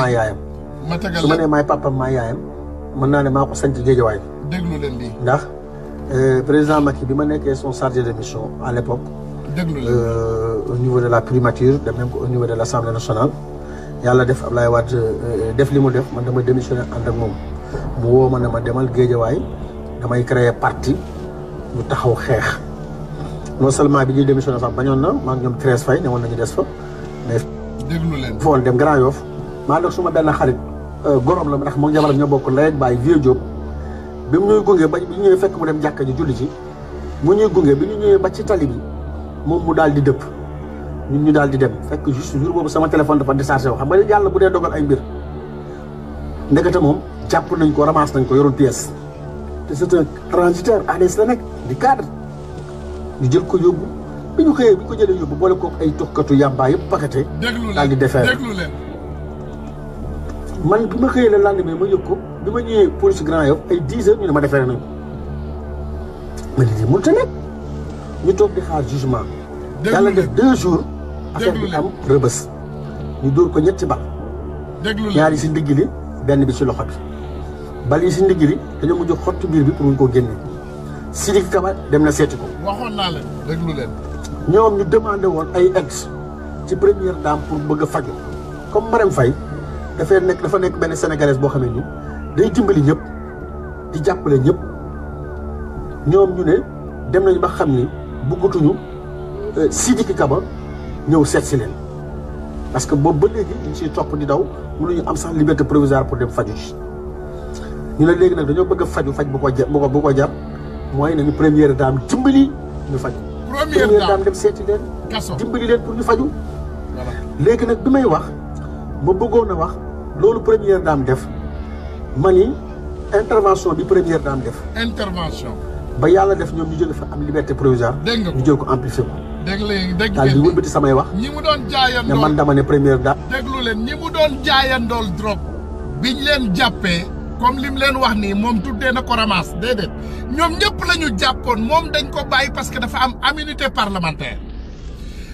maa yaayam. ma tegal su ma nee maay papaam maa yaayam mën naa ne maa ko sant géejawaay. déglu leen ndax euh, président Macky bi ma nekkee son chargé de mission à l'époque. déglu leen euh, au niveau de la primature de même ko au niveau de la l'Assemblée nationale. yàlla def Ablaye Wade euh, def li mu def man damay démissionné ànd ak moom mu woo ma ne ma demal géejawaay damay créer parti ñu taxaw xeex non seulement bi ñuy démissionné sax bañoon na maa ngi ñoom Thérèse Faye ne woon nañu des fa mais. dem Grand Yoff maanaam suma ben xarit euh, gorom la ndax mo jabar ñu bokk lay bay vieux job bi mu ñuy gungé ba bi ñuy fekk mu dem jakk ji julli ci mu ñuy gungé bi ñu ñëwee ba ci tali bi mom mu dal di depp ñun ñu dal di dem fekk juste jour bobu sama téléphone dafa déchargé wax xam nga yàlla bu dé dogal ay mbir ndegata mom japp nañ ko ramass nañ ko yoroon pièce té c'est un transitaire ADS la nekk di cadre ñu jël ko yobbu bi ñu xëyee bi ñu ko jëlee yóbbu boole ko ay tokkatu yamba yépp pakaté dal di defee déglu man bima xeyel la lande mais ma yokko bima ñewé police Grand yop ay 10 h ñu ne ma defee nañu ma dit mu mënta ñu tok di xaar jugement. yàlla def 2 jours. affaire bi am rebeus ñu door ko ñetti bal. ñaar yi ci ndigg li benn bi ci loxo bi. bal yi ci ndigg li mu jox xottu bir bi pour ñu ko génne. sidik Kaba dem na seeti ko. waxon na la deglu len ñom ñu demandé won ay ex ci première dame pour bëgg a faju comme maram fay dafay nekk dafa nekk benn sénégalaise boo xam ne nii day dimbali ñëpp di jàppale ñëpp ñoom ñu ne dem nañu ba xam ni bëggatuñu euh, Sidiki Kaba ñëw seet leen. parce que boobu ba léegi ñu ciy topp di daw mënuñu am sax liberté provisoire pour dem faju ñu ne léegi nag dañoo bëgg faju faj bu ko jar bu ko bu ko jar mooy nañu première dame dimbali ñu faju première dame dem seeti leen. dimbali leen pour ñu faju léegi nag bi may wax ma bëggoon a wax. la première dame def Mani intervention première dame def. intervention. ba def ñu jël am liberté provisoire. ñu jël ko samay wax. ñi mu doon ne man dama première dame. déglu leen ñi mu doon biñ comme lim leen wax ni mom na ko ramasse parce que dafa am parlementaire.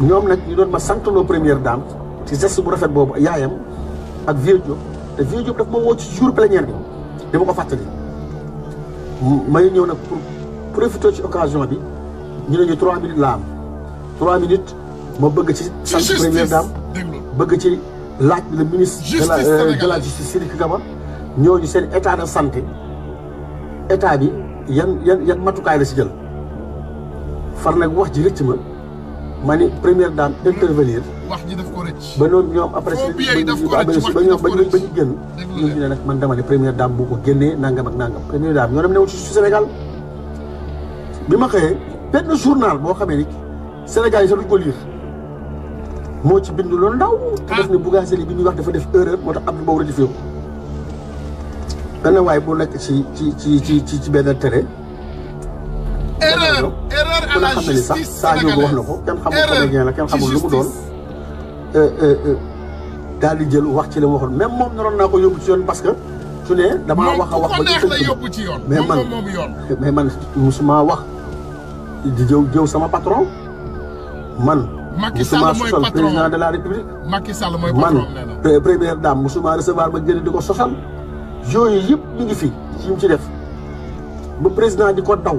ñoom nag ñu doon ma santaloo première dame ci geste bu rafet boobu yaayam ak vieux Diop te vieux Diop daf ma woo ci jour plénière bi dama ko fàttali may ñëw nag pour profiter ci occasion bi ñu ne ñu trois minutes la am trois minutes ma bëgg ci sant première dame bëgg ci laaj bi le ministre de la euh, de la justice Sidiki Kaba ñooñu seen état de santé état bi yan yan yan matukaay la si jël far nag wax ji rëcc ma ma ni première dame intervenir. wax ji daf ko rëcc. ba noonu ñoom après si ba ñoom ba ñu génn. ñoom ñu ne nag man dama ne première dame bu ko génnee nangam ak nangam première dame ñoo dem newul ci Sénégal. bi ma xëyee benn journal boo xamee ni Sénégal yi sax duñ ko moo ci bind loolu ndaw. te ah. def ne Bougazelli bi ñuy wax dafa def erreur moo tax Abdou Mbow rediffé ko. benn waay bu nekk ci ci ci ci ci benn tere. yàlla na ni sax saa yóbbu wax na ko kenn la kenn xamul lu mu euh, euh, euh, daal di jël wax ci li mu même moom naroon naa ko yóbbu parce que su ne damaa wax a wax ba ci mais man mais man musuma wax di jëw jëw sama patron man musuma sosal président de la république man première dame musuma recevoir ba gën di ko sosal yooyu yëpp mi ngi fi ci ci def ba président di ko daw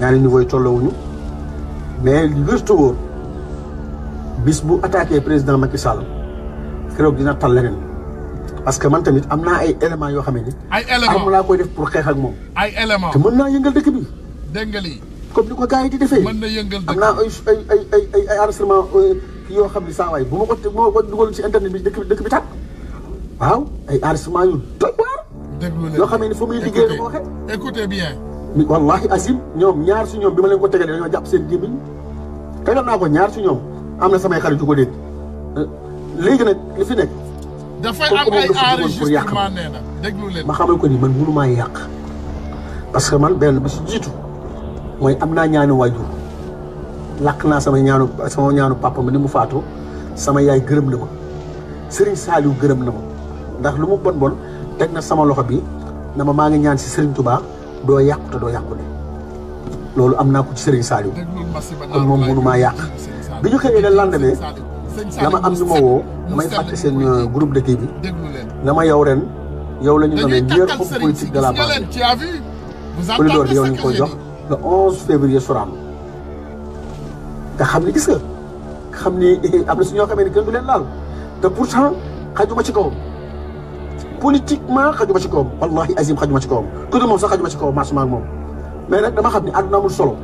ñaari niveau yi tolloowuñu mais li wér wóor bis bu attaqué président Macky Sall keroog dina tal leneen parce que man tamit am naa ay éléments yoo xam ne ni. ay éléments am laa koy def pour xeex ak moom. ay éléments te mën naa yëngal dëkk bi. dégg nga lii comme ni ko gars yi di defee. mën na yëngal dëkk am naa ay ay euh, yoo xam ne saa waay bu ma ko bu ma ko dugal ci internet bi dëkk bi dëkk bi tàkk waaw ay enregistrement yu doy yoo xam ne ni foo muy liggéey la ko wallahi asib ñoom ñaar su ñoom bi ma leen ko tegalee dañoo jàpp seen gémmiñ tegal naa ko ñaar su ñoom am na samay xarit yu ko dégg eh, léegi nag li fi nekk. dafay am ay enregistrement ma xamal ko ni man mënu maa yàq. parce que man benn bi si jiitu mooy am naa ñaani waajur làkk naa sama ñaanu sama ñaanu papa ma ni mu faatoo sama yaay gërëm na ma Serigne Saliou gërëm na ma ndax lu mu bon teg na sama loxo bi na ma maa ngi ñaan si Serigne tubaa doo yàqu doo yàqu loolu am naa ko ci Serigne Saliou kon moom mënumaa yàq bi ñu xëyee le lendemain na ma am ñu ma woo damay fàtte seen euh, groupe de kii bi na ma yow ren yow la ñu nommé meilleur homme politique de la banlieue Polydor bi yow la jox le nga xam ni gis xam ni am na si ñoo xamee ni kenn du leen laal te pourtant xajuma ci kawam. politiquement xajuma ci koom wallahi azim xajuma ci koom ku dul moom sax xajuma ci koom maasuma mais dama solo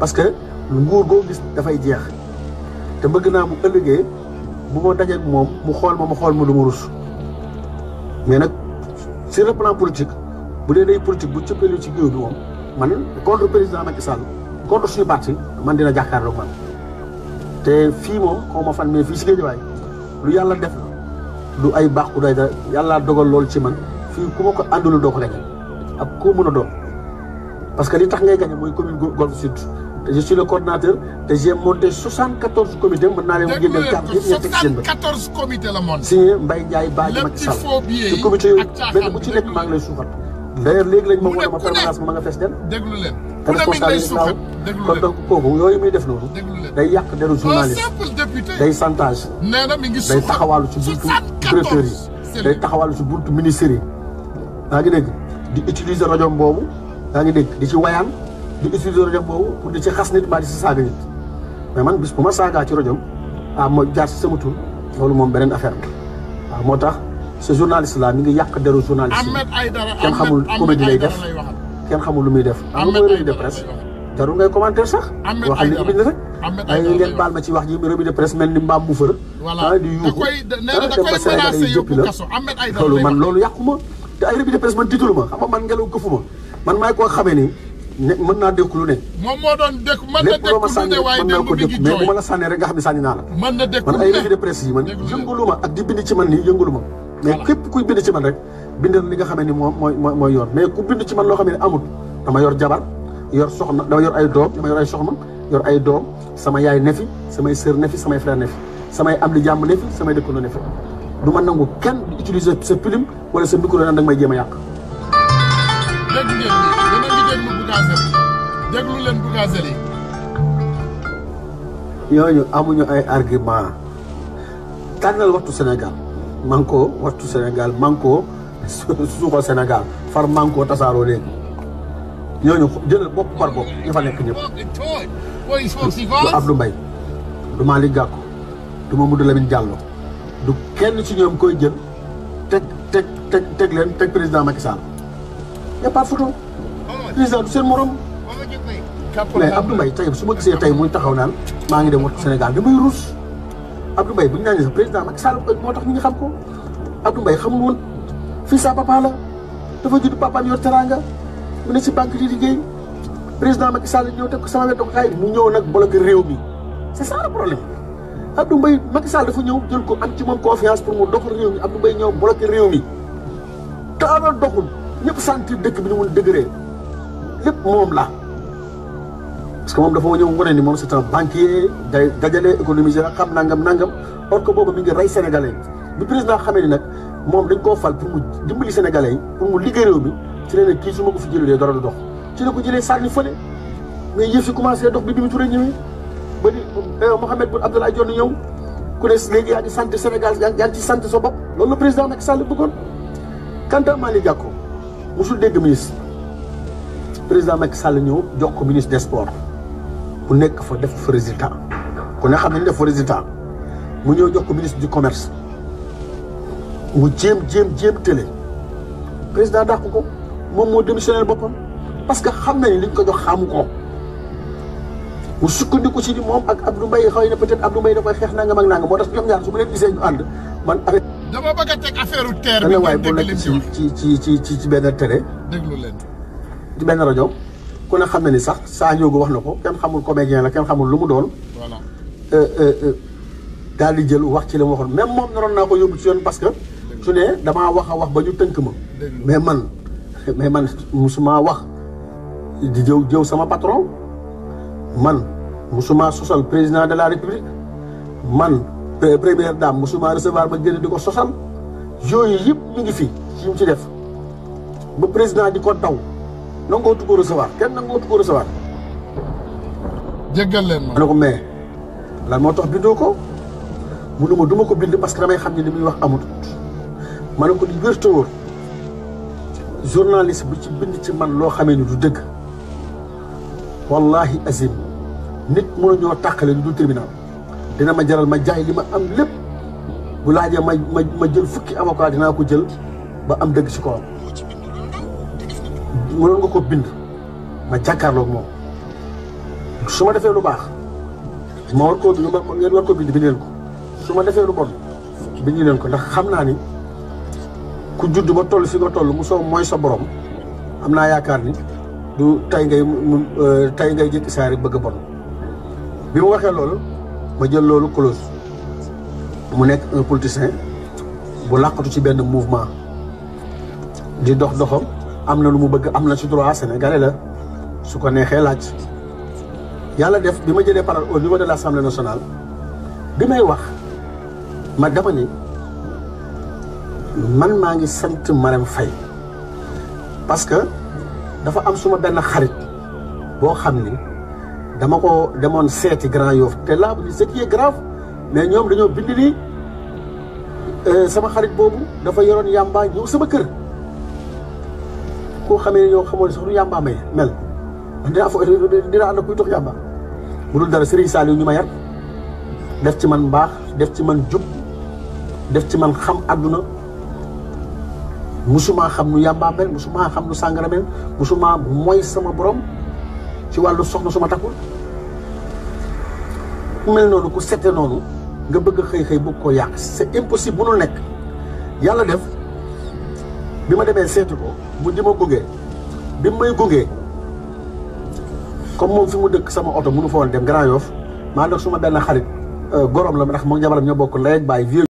parce que nguur boo gis dafay jeex te bëgg naa bu ëllëgee bu ma dajeeg moom mu xool ma mu xool ma lu ma rus mais nag sur le plan politique bu dee day politique bu cëppeelu ci géew bi moom man contre président Macky Sall contre suñu parti man dina man fan mais fii lu yàlla def du ay bax du day yalla dogal lol ci man fi ku ma ko àndul doo ko rek ak ku meuna do parce que li tax ngay gagne moy commune golf sud je suis le coordinateur et j'ai monté 74 comités man na le ngi carte yëpp ñetti seen bët 74 comités la monté signé Mbaye Ndiaye Badji mak sal te comité yooyu benn bu ci nek maa ngi lay soufat d'ailleurs leg lañ ma wone ma permanence ma ma nga fees del déglu leen te responsabilité naaw kon donc kooku yooyu muy def noonu day yàq deru journaliste day chantage day taxawaalu ci buntu procureur yi day taxawal si buntu ministère yi yaa ngi dégg di utiliser rajo boobu yaa ngi dégg di ci wayaan di utiliser rajo boobu pour di ci xas nit mbaa di si saaga nit mais man bis bu ma saagaa ci rajo ah ma jaar si sama loolu moom beneen affaire la waaw ah, moo tax ce journaliste là mi ngi yàq deru journaliste yi kenn xamul comédie lay def kenn xamul lu muy def am nga revue de presse jarul ngay commentaire sax waxal li ñu bind ay ngeen baal ma ci wax ji revue de presse mel ni mbaam bu fër voilà di yuuxu da koy menacé yóbbu kaso Ahmed Aïdara loolu man loolu yàquma te ay revue de presse man tiitalu ma xam nga man ngelaw këfuma man maay koo xamee ni ne mën naa lu ne moom moo don dékku mën na dékku lu ne waaye dékku ko dékku mais bu ma la sànnee rek nga xam ne sànni naa la mën na dékku man ay revue de presse yi man yëngulu ma ak di bind ci man nii yëngulu ma mais képp kuy bind ci man rek bind li nga xamee ni moom mooy mooy yoon mais ku bind ci man loo xamee ne amul dama yor jabar yor soxna dama yor ay doom dama yor ay soxna yor ay doom sama yaay nefi sama sœur nefi sama frère nefi sama abdou am nefi sama ne fi samay du ma nangou ken di utiliser ce film wala ce micro naan da nga may jéem a yàq. dégg ngeen yeneen jigéen mu Bougazelli déglu leen Bougazelli. ñooñu amuñu ay argument tanal waxtu senegal manko waxtu senegal manko suko senegal far manko tasaro tasaaroo ñoo ñu jël bop par bop ñu fa nek ñep du Abdou Mbaye du Malick Gakou du Mamadou Lamine Diallo du kenn ci ñoom koy jël teg teg teg teg leen teg président Macky Sall y a pas photo président du seen morom mais Abdou Mbaye tey su ma gisee tey muy taxaw naan maa ngi dem wax Sénégal damay ruus Abdou Mbaye bu ñu naan président Macky Sall euh, moo tax ñu ngi xam ko Abdou mbay xamul woon fii sa papa la dafa judd papaam yor teranga mu ne si banque di liggéey président Macky Sall ñëw teg ko sama wet ko xay mu ñëw nag bloqué réew mi c'est ça le problème Abdou Mbaye Macky Sall dafa ñëw jël ko am ci moom confiance pour mu doxal réew mi Abdou Mbaye ñëw bloqué réew mi te amoon doxul ñëpp sentir dëkk bi ni mu dëgëree lépp moom la parce que moom dafa ñëw wane ni moom c'est un banquier day dajale xam nangam nangam or que boobu mi ngi rey sénégalais bi président xamee ni nag moom dañ koo fal pour mu dimbali sénégalais yi pour mu liggéey réew ci leen ne kii su ma ko fi jëlee dara du dox ci ne ko jëlee sànni fële mais yëf si commencé dox bi Mimi Touré ñëwee ba di Mohamed Boun Abdallah Dionne ñëw ku ne léegi yaa ngi sant Sénégal yaa ngi ci sant sa bopp loolu la président Macky Sall bëggoon. quant à Malick Gakou mosul dégg ministre président Macky Sall ñëw jox ko ministre des sports bu nekk foo def fa résultat ku ne xam ne def fa résultat mu ñëw jox ko ministre du commerce mu jéem jéem jéem télé président dàq ko moom moo démissionné boppam. parce que xam na ni ñu ko jox xamu ko mu sukkandiku ci ni moom ak Abdou Mbaye xëy na peut-être Abdou Mbaye da koy xeex nangam ak nangam moo tax su ma leen gisee ñu ànd man a teg affaire terre bi ngeen dégg leen ci ci ci ci ci benn télé. déglu leen. ci benn rajo ku ne xam na ni sax saa ñëw wax na ko kenn xamul comédien la kenn xamul lu mu doon. voilà. Euh, euh, euh, daal di jël wax ci la ma waxoon même moom naroon naa ko yóbbu ci yoon parce que. su ne damaa wax a wax ba ñu tënk ma. mais man mais man su maa wax. di jëw sama patron man musuma sosal président de la république man première dame musuma recevoir ba génn diko sosal yooyu yëpp mi ngi fi ci mu ci def ba président di ko daw nangootu ko recevoir kenn nangootu ko recevoir djegal leen ma ne ko mais la mo tax bindu ko mu duma ko bind parce que damay xam ni limuy wax amut ma ko di wér journaliste bu ci bind ci man lo xamé ni du deug wallahi azim nit mënuñoo tàqale du tribunal dina ma jaral ma jaay li ma am lépp bu laajee ma ma ma jël fukki avocat dinaa ko jël ba am dëgg ci kawam mënoon nga ko bind ma moom su defee lu baax ma war koo ngeen war ko bind bind leen ko su ma defee lu bon bind leen ko ndax xam naa ni ku judd ba toll fi nga toll mu soo mooy sa borom am naa yaakaar ni du tay ngay euh, tay ngay jëkki saari bëgg a bon bi mu waxee loolu ma jël loolu close mu nekk un politicien bu làqatu ci benn mouvement di dox doxam am na lu mu bëgg am na ci droit sénégalais la su ko neexee laaj yàlla def bi ma jëlee parole au niveau de l'Assemblée nationale bi may wax ma dama ni man maa ngi sant Marème Faye fay que dafa am suma benn xarit boo xam ni dama ko demoon seeti Grand Yoff te là ce qui est grave mais ñoom dañoo bind ni euh, sama xarit boobu dafa yoroon yàmbaa ñëw sama kër koo xamee yow ñoo xamoon sax lu yàmbaa may mel dinaa fa dinaa ànd kuy tox yàmbaa bu dul dara Serigne Saliou ñu ma yar def ci man mbaax def ci man jub def ci man xam àdduna musuma xam nu yàmbaa mel musuma xam nu sàngara mel musuma mooy sama borom ci wàllu soxna suma takkul ku mel noonu ku sette noonu nga bëgg a xëy xëy bëgg koo yàq c'est impossible bu nu nekk yàlla def bi ma demee seeti ko bu di ma gunge bi may gunge comme moom fi mu dëkk sama oto mënu fa woon dem Grand Yoff maa nag suma benn xarit euh, gorom la ndax moom jabaram ñoo bokk lay ak bàyyi